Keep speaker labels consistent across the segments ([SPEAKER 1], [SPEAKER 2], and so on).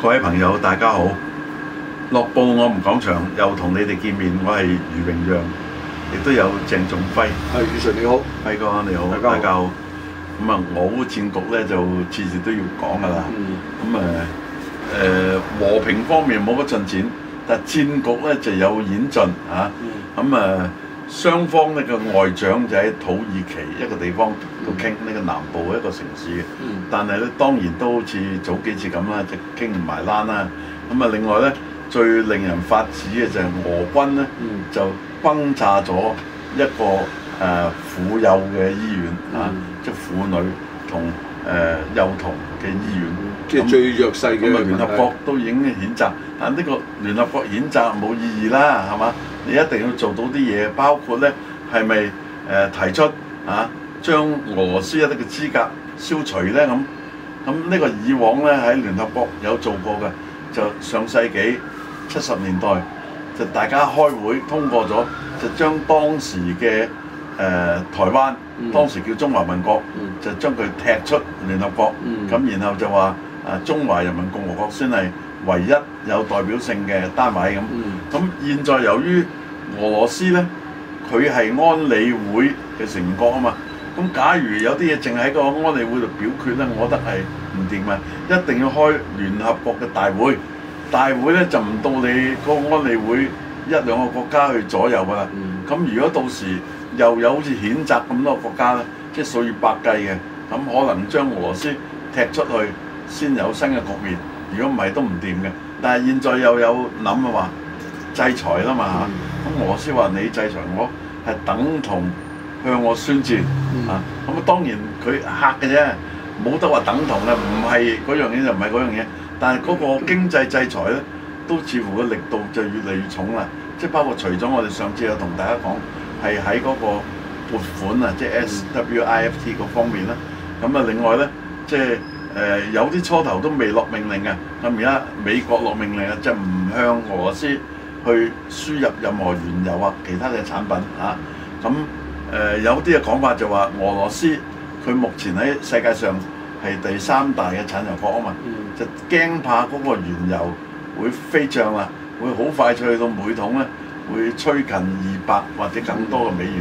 [SPEAKER 1] 各位朋友，大家好！樂報我唔講場，又同你哋見面，我係余榮陽，亦都有鄭仲輝。係，余 Sir 你好，輝哥你好，大家好。咁啊，俄烏戰局咧就次次都要講噶啦。咁啊、嗯，誒、呃、和平方面冇乜進展，但戰局咧就有演進嚇。咁啊。雙方呢個外長就喺土耳其一個地方度傾呢個南部一個城市嘅，嗯、但係咧當然都好似早幾次咁啦，就傾唔埋欄啦。咁啊，另外咧最令人發指嘅就係俄軍咧就轟炸咗一個誒、呃、婦幼嘅醫院啊，嗯、即婦女同誒、呃、幼童嘅醫院。即係最弱勢咁啊！聯合國都已經譴責，但呢個聯合國譴責冇意義啦，係嘛？你一定要做到啲嘢，包括呢係咪誒提出啊，將俄羅斯一啲嘅資格消除呢？咁咁呢個以往呢，喺聯合國有做過嘅，就上世紀七十年代就大家開會通過咗，就將當時嘅誒、呃、台灣、嗯、當時叫中華民國、嗯、就將佢踢出聯合國，咁、嗯、然後就話。中華人民共和國先係唯一有代表性嘅單位咁。咁現在由於俄羅斯呢，佢係安理會嘅成員國啊嘛。咁假如有啲嘢淨係喺個安理會度表決呢，我覺得係唔掂啊！一定要開聯合國嘅大會，大會呢就唔到你個安理會一兩個國家去左右噶啦。咁、嗯、如果到時又有好似譴責咁多國家呢，即係數以百計嘅，咁可能將俄羅斯踢出去。先有新嘅局面，如果唔係都唔掂嘅。但係現在又有諗啊話，制裁啦嘛吓，咁、mm hmm. 我先話你制裁我係等同向我宣戰。Mm hmm. 啊。咁啊當然佢吓嘅啫，冇得話等同啦，唔係嗰樣嘢就唔係嗰樣嘢。但係嗰個經濟制裁咧，都似乎個力度就越嚟越重啦。即係包括除咗我哋上次有同大家講，係喺嗰個撥款啊，即係 SWIFT 嗰方面啦。咁啊、mm hmm. 另外咧，即係。誒有啲初頭都未落命令嘅，咁而家美國落命令啊，就唔、是、向俄羅斯去輸入任何原油啊，其他嘅產品嚇。咁誒有啲嘅講法就話，俄羅斯佢目前喺世界上係第三大嘅產油國啊嘛，嗯、就驚怕嗰個原油會飛漲啦，會好快脆去到每桶咧，會趨近二百或者更多嘅美元。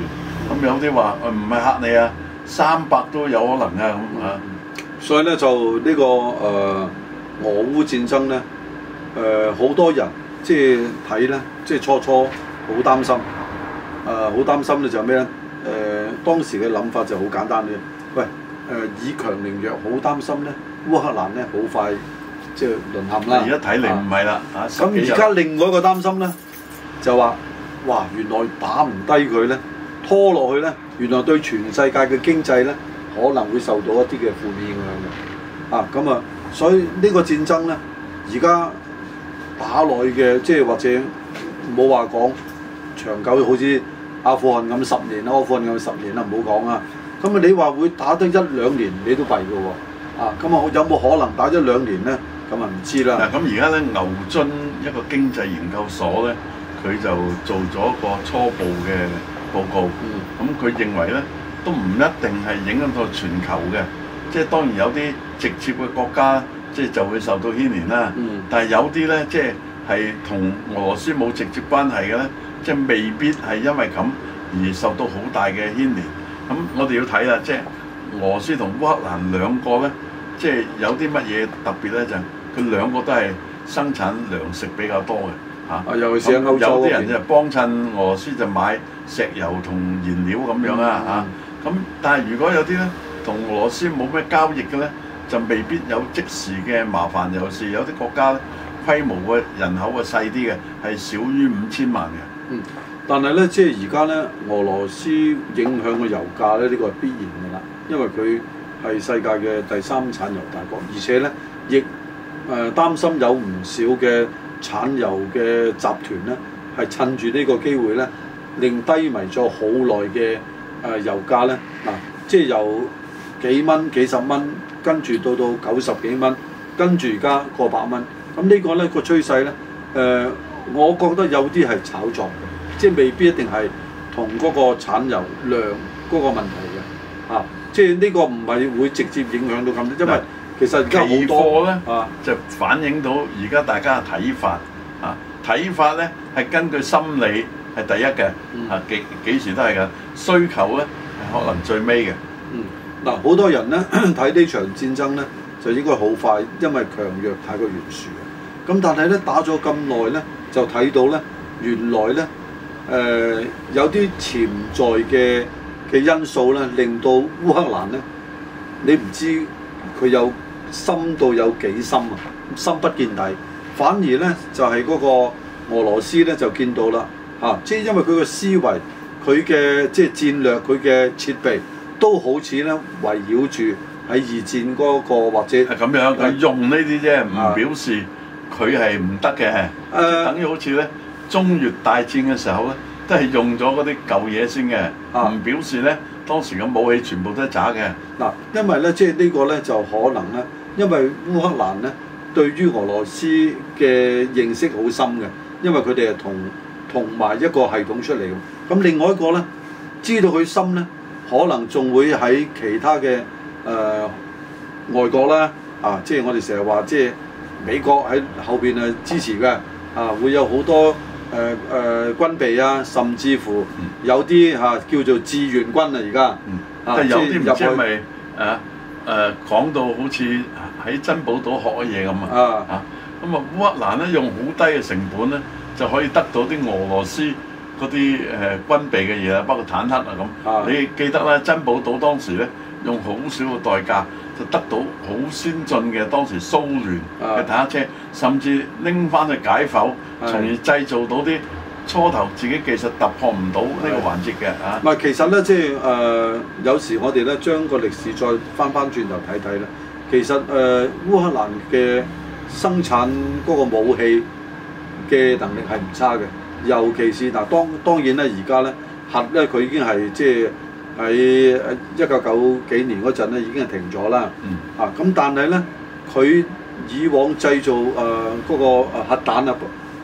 [SPEAKER 1] 咁有啲話誒唔係嚇你啊，三百都有可能啊咁啊。嗯
[SPEAKER 2] 所以咧就呢、這個誒、呃、俄烏戰爭咧，誒、呃、好多人即係睇咧，即係初初好擔心，誒、呃、好擔心咧就係咩咧？誒、呃、當時嘅諗法就好簡單嘅。喂誒、呃、以強凌弱，好擔心咧烏克蘭咧好快即係淪陷啦。而家睇嚟唔係啦，嚇、啊，咁而家另外一個擔心咧就話，哇原來打唔低佢咧，拖落去咧，原來對全世界嘅經濟咧，可能會受到一啲嘅負面嘅影響，啊咁啊，所以呢個戰爭呢，而家打落去嘅，即係或者冇話講長久，好似阿富汗咁十年啦，阿富汗咁十年啦，唔好講啊。咁啊，你話會打得一兩年，你都弊㗎喎，啊咁啊，啊啊有冇可能打一兩年呢？咁啊，唔知啦。咁而家呢，牛津
[SPEAKER 1] 一個經濟研究所呢，佢就做咗個初步嘅報告，咁佢認為呢。嗯都唔一定係影響到全球嘅，即係當然有啲直接嘅國家，即係就會受到牽連啦。嗯、但係有啲呢，即係係同俄羅斯冇直接關係嘅呢，即係未必係因為咁而受到好大嘅牽連。咁我哋要睇啦，即係俄羅斯同烏克蘭兩個呢，即係有啲乜嘢特別呢？就佢、係、兩個都係生產糧食比較多嘅嚇。尤其是有啲人就幫襯俄羅斯就買石油同燃料咁樣啦。嚇、嗯。嗯。咁但係如果有啲咧同俄羅斯冇咩交易嘅呢，就未必有即時嘅麻煩。尤其是有啲國家規模嘅人
[SPEAKER 2] 口啊細啲嘅，係少於五千萬嘅、嗯。但係呢，即係而家呢，俄羅斯影響嘅油價呢，呢、呢個係必然㗎啦，因為佢係世界嘅第三產油大國，而且呢，亦誒擔心有唔少嘅產油嘅集團呢，係趁住呢個機會呢，令低迷咗好耐嘅。誒、呃、油價呢，嗱、啊，即係由幾蚊、幾十蚊，跟住到到九十幾蚊，跟住而家過百蚊。咁、啊、呢、呢個呢個趨勢呢，誒、呃，我覺得有啲係炒作，即係未必一定係同嗰個產油量嗰個問題嘅、啊、即係呢個唔係會直接影響到咁多，因為其實而家好多呢，啊，就反映到而家大家嘅睇法
[SPEAKER 1] 啊，睇法呢係根據心理。係第一嘅，啊，幾幾時都係
[SPEAKER 2] 嘅。需求呢，可能最尾嘅。嗯，嗱，好多人呢，睇呢場戰爭呢，就應該好快，因為強弱太過懸殊。咁但係呢，打咗咁耐呢，就睇到呢，原來呢，誒、呃、有啲潛在嘅嘅因素呢，令到烏克蘭呢，你唔知佢有深度有幾深啊，深不見底。反而呢，就係、是、嗰個俄羅斯呢，就見到啦。嚇、啊！即係因為佢個思維、佢嘅即係戰略、佢嘅設備都好似咧圍繞住喺二戰嗰個或者係咁樣，佢用呢啲啫，唔、啊、表示佢係唔得嘅。
[SPEAKER 1] 誒、啊，等於好似咧中越大戰嘅時候咧，都係用咗嗰啲舊嘢先嘅，
[SPEAKER 2] 唔、啊、表示咧當時嘅武器全部都係渣嘅。嗱、啊，因為咧即係呢個咧就可能咧，因為烏克蘭咧對於俄羅斯嘅認識好深嘅，因為佢哋係同。同埋一個系統出嚟，咁另外一個咧，知道佢心咧，可能仲會喺其他嘅誒、呃、外國啦。啊，即、就、係、是、我哋成日話，即係美國喺後邊啊支持嘅啊，會有好多誒誒、呃呃、軍備啊，甚至乎有啲嚇、啊、叫做志願軍啊，而家即係有啲入咗未啊誒講、啊、
[SPEAKER 1] 到好似喺珍寶島學嘢咁啊，啊咁啊，烏克蘭咧用好低嘅成本咧。就可以得到啲俄羅斯嗰啲誒軍備嘅嘢啦，包括坦克啊咁。的你記得咧，珍寶島當時咧用好少嘅代價就得到好先進嘅當時蘇聯嘅坦克車，的甚至拎翻去解剖，的從而製造到啲初頭自己技術突破唔到呢個環節嘅啊。
[SPEAKER 2] 唔係，其實咧即係誒，有時我哋咧將個歷史再翻翻轉頭睇睇咧，其實誒、呃、烏克蘭嘅生產嗰個武器。嘅能力係唔差嘅，尤其是嗱，當當然咧，而家咧核咧佢已經係即係喺一九九幾年嗰陣咧已經係停咗啦。嗯、啊，咁但係咧，佢以往製造誒嗰、呃那個核彈啊，誒、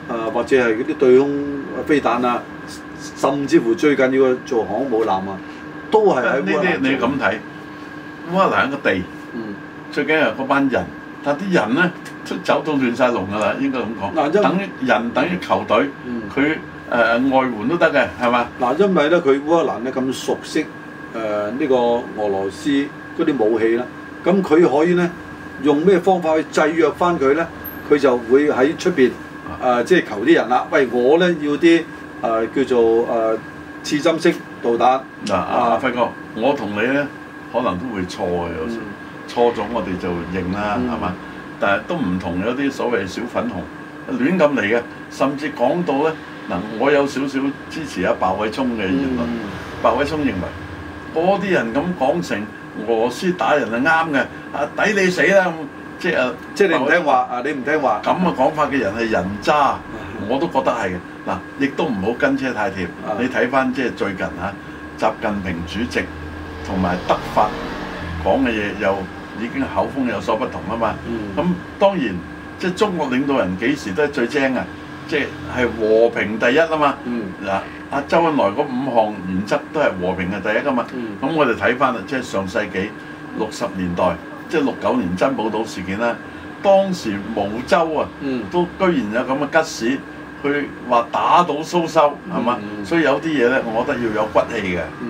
[SPEAKER 2] 呃、或者係嗰啲對空飛彈啊，甚至乎最緊要係做航母艦啊，都係喺。呢啲你咁睇，哇！嗱，喺個地，
[SPEAKER 1] 嗯，最緊要係嗰班人，但啲人咧。嗯走到亂晒龍噶啦，應該咁講。等
[SPEAKER 2] 人等於球隊，佢誒、嗯呃、外援都得嘅，係嘛？嗱，因為咧，佢烏蘭咧咁熟悉誒呢、呃這個俄羅斯嗰啲武器啦，咁佢可以咧用咩方法去制約翻佢咧？佢就會喺出邊誒，即係求啲人啦。喂、呃，我咧要啲誒、呃、叫做誒、呃、刺針式導彈。阿輝、嗯啊、哥，我同你咧可能都會錯嘅，有時錯咗
[SPEAKER 1] 我哋就認啦，係嘛？嗯都唔同有啲所謂小粉紅亂咁嚟嘅，甚至講到呢，嗱，我有少少支持阿白偉聰嘅言論。白偉、嗯、聰認為嗰啲人咁講成俄羅斯打人係啱嘅，啊抵你死啦！即係你唔聽話啊，你唔聽話咁嘅講法嘅人係人渣，嗯、我都覺得係嘅。嗱，亦都唔好跟車太貼。嗯、你睇翻即係最近嚇、啊，習近平主席同埋德法講嘅嘢又。已經口風有所不同啊嘛，咁、嗯、當然即係中國領導人幾時都係最精啊，即係和平第一啊嘛，嗱阿、嗯啊、周恩來嗰五項原則都係和平嘅第一啊嘛，咁、嗯、我哋睇翻啦，即係上世紀六十年代，即係六九年珍寶島事件啦，當時毛洲啊，嗯、都居然有咁嘅吉
[SPEAKER 2] 士，佢話打倒蘇修。係嘛？嗯、所以有啲嘢咧，我覺得要有骨氣嘅。嗯嗯、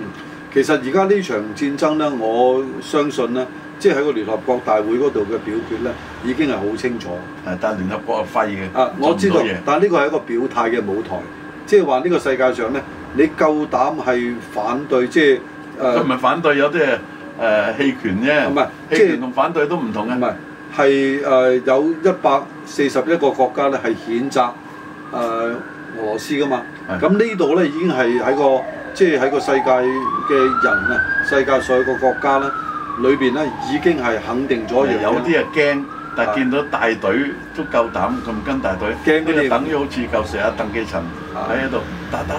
[SPEAKER 2] 其實而家呢場戰爭咧，我相信咧。即係喺個聯合國大會嗰度嘅表決咧，已經係好清楚。誒，但係聯合國係廢嘅。啊，我知道，但係呢個係一個表態嘅舞台。即係話呢個世界上咧，你夠膽係反對，即係誒？佢唔係反對，有啲誒棄權啫。唔、呃、係，棄權同反對都唔同嘅。唔係，係誒有一百四十一個國家咧係譴責誒、呃、俄羅斯㗎嘛。咁的呢度咧已經係喺個即係喺個世界嘅人啊，世界所有個國家咧。裏邊咧已經係肯定咗有啲係驚，但見到大隊都夠膽咁跟大隊，驚啲，等於好似舊時阿鄧基勤喺喺度
[SPEAKER 1] 打打打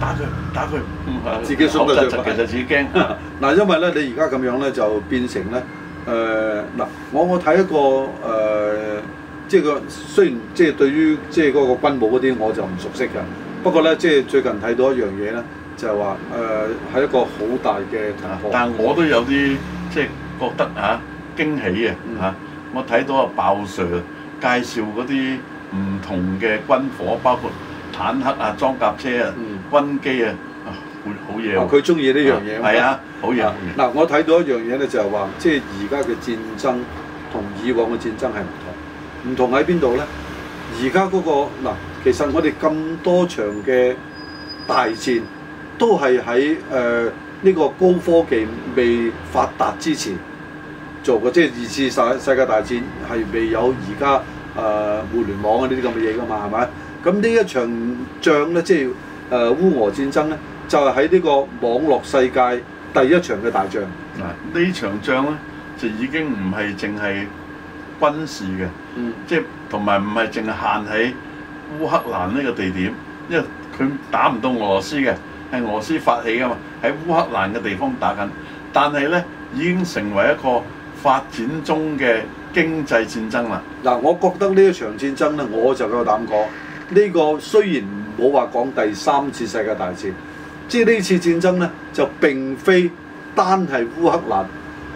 [SPEAKER 1] 打佢，打佢，自己縮得最埋，其
[SPEAKER 2] 實自己驚。嗱，因為咧，你而家咁樣咧，就變成咧，誒嗱、呃，我我睇一個誒，即係個雖然即係對於即係嗰個軍武嗰啲，我就唔熟悉嘅。不過咧，即係最近睇到一樣嘢咧，就係話誒係一個好大嘅突破。但係我都有啲。即係覺得啊驚
[SPEAKER 1] 喜啊嚇！嗯、我睇到阿爆 sir 介紹嗰啲唔同嘅軍火，嗯、包括坦克啊、裝甲車啊、嗯、軍機啊，好嘢佢中意呢樣嘢，係啊，好嘢、啊！
[SPEAKER 2] 嗱、啊，我睇到一樣嘢咧，就係話，即係而家嘅戰爭同以往嘅戰爭係唔同，唔同喺邊度咧？而家嗰個嗱，其實我哋咁多場嘅大戰都係喺誒。呃呢個高科技未發達之前做過，即係二次世世界大戰係未有而家誒互聯網啊呢啲咁嘅嘢噶嘛，係咪？咁呢一場仗咧，即係誒烏俄戰爭咧，就係喺呢個網絡世界第一場嘅大仗。
[SPEAKER 1] 啊，呢場仗咧就已經唔係淨係軍事嘅，嗯，即係同埋唔係淨係限喺烏克蘭呢個地點，因為佢打唔到俄羅斯嘅。係俄斯發起㗎嘛，喺烏克蘭嘅地方打緊，但係呢已經成為一個發展
[SPEAKER 2] 中嘅經濟戰爭啦。嗱、呃，我覺得呢一場戰爭呢，我就夠膽講呢個雖然唔好話講第三次世界大戰，即係呢次戰爭呢，就並非單係烏克蘭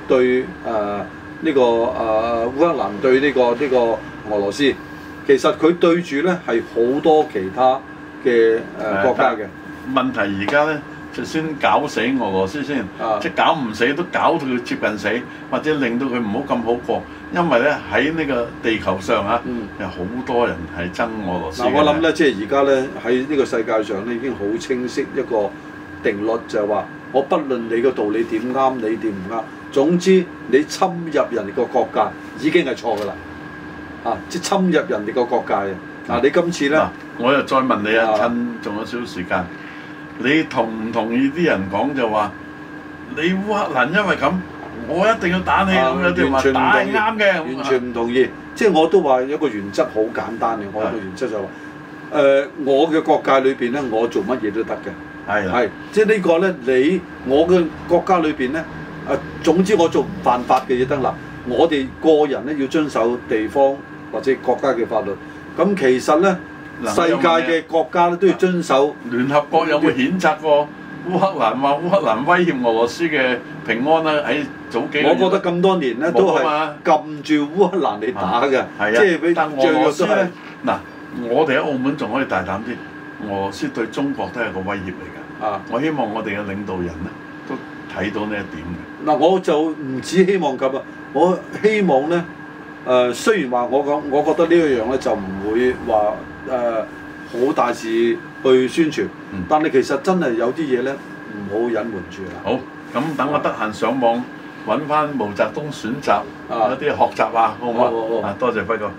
[SPEAKER 2] 對誒呢、呃這個誒烏、呃、克蘭對呢、這個呢、這個俄羅斯，其實佢對住呢係好多其他嘅誒、呃呃、國家嘅。問題而家呢，就先
[SPEAKER 1] 搞死俄羅斯先，即係搞唔死都搞到佢接近死，或者令到佢唔好咁好過。因為呢，喺呢個地球上啊，嗯、有好多人係憎俄羅斯。我諗、嗯嗯、
[SPEAKER 2] 呢，即係而家呢，喺呢個世界上呢已經好清晰一個定律，就係、是、話我不論你個道理點啱，你點唔啱，總之你侵入人哋個國界已經係錯㗎啦、啊。即係侵入人哋個國界啊！嗱，你今次呢，嗯啊、我又再問你啊，趁仲有少少時間。你同唔同意啲人
[SPEAKER 1] 講就話，你烏克蘭因為咁，我一定要打你咁，有啲話完全唔同意，打係啱嘅，完
[SPEAKER 2] 全唔同意。即係我都話一個原則好簡單嘅，的我一個原則就話、是、誒、呃，我嘅國界裏邊咧，我做乜嘢都得嘅，係的即係呢個咧，你我嘅國家裏邊咧，誒，總之我做犯法嘅嘢得啦。我哋個人咧，要遵守地方或者國家嘅法律。咁其實咧。世界嘅國家咧都要遵守。啊、聯合國有冇譴責過烏克蘭
[SPEAKER 1] 話、啊、烏克蘭威脅俄羅斯嘅平安咧、啊？喺早幾年，我覺得咁多年咧都係
[SPEAKER 2] 撳住烏克蘭嚟
[SPEAKER 1] 打嘅，啊啊、即係是俾俄羅斯嗱、啊，我哋喺澳門仲可以大膽啲，俄羅斯對中國都係個威脅嚟㗎。啊，我我啊我，我希望我哋嘅領
[SPEAKER 2] 導人咧都睇到呢一點嘅。嗱、呃，我就唔止希望咁啊，我希望咧，誒雖然話我講，我覺得呢一樣咧就唔會話。嗯誒好、呃、大事去宣傳，嗯、但係其實真係有啲嘢呢，唔好隱瞞住啦。好，咁等我得閒上網揾翻、啊、毛澤東選集
[SPEAKER 1] 嗰啲學習啊，好唔好？啊，好好多謝輝哥。